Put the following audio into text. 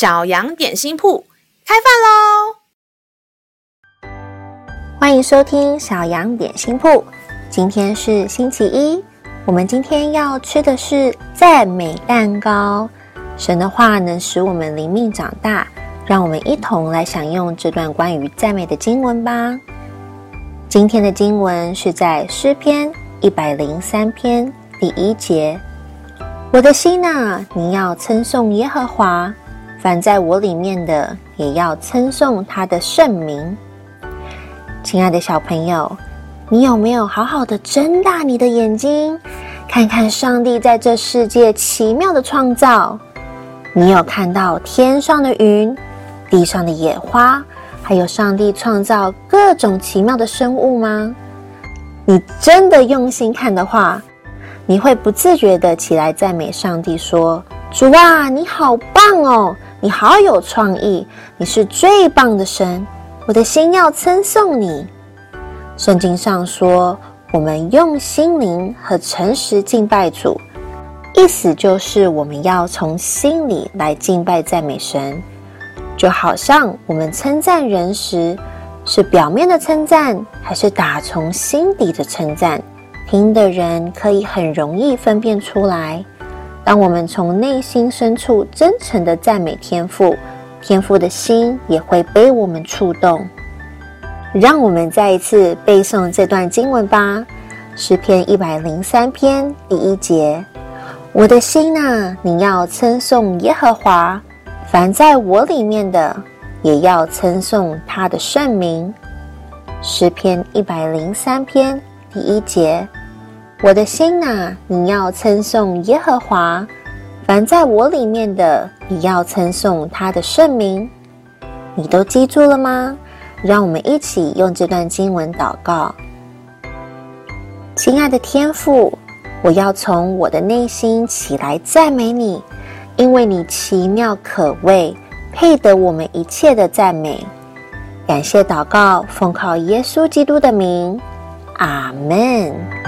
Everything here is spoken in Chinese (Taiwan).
小羊點心鋪開飯嘍！歡迎收聽小羊點心鋪。今天是星期一，我們今天要吃的是讚美蛋糕。神的話能使我們靈命長大，讓我們一同來享用這段關於讚美的經文吧。今天的經文是在詩篇一百零三篇第一節：“我的心哪，你要稱頌耶和華。”凡在我裡面的，也要稱頌他的聖名。親愛的小朋友，你有沒有好好的睜大你的眼睛，看看上帝在這世界奇妙的創造？你有看到天上的雲、地上的野花，還有上帝創造各種奇妙的生物嗎？你真的用心看的話，你會不自覺的起來讚美上帝，說：“主啊，你好棒哦！”你好，有創意！你是最棒的神，我的心要稱頌你。聖經上說，我們用心靈和誠實敬拜主，意思就是我們要從心裡來敬拜讚美神。就好像我們稱讚人時，是表面的稱讚，還是打從心底的稱讚？聽的人可以很容易分辨出來。讓我們從內心深處真誠的讚美天父，天父的心也會被我們觸動。讓我們再一次背誦這段經文吧，《詩篇一百零三篇》第一節：我的心哪，你要稱頌耶和華，凡在我裡面的，也要稱頌他的聖名。《詩篇一百零三篇》第一節。我的心吶、啊，你要稱頌耶和華；凡在我裡面的，你要稱頌他的聖名。你都記住了嗎？讓我們一起用這段經文禱告。親愛的天父，我要從我的內心起來讚美你，因為你奇妙可畏，配得我們一切的讚美。感謝禱告，奉靠耶穌基督的名，阿門。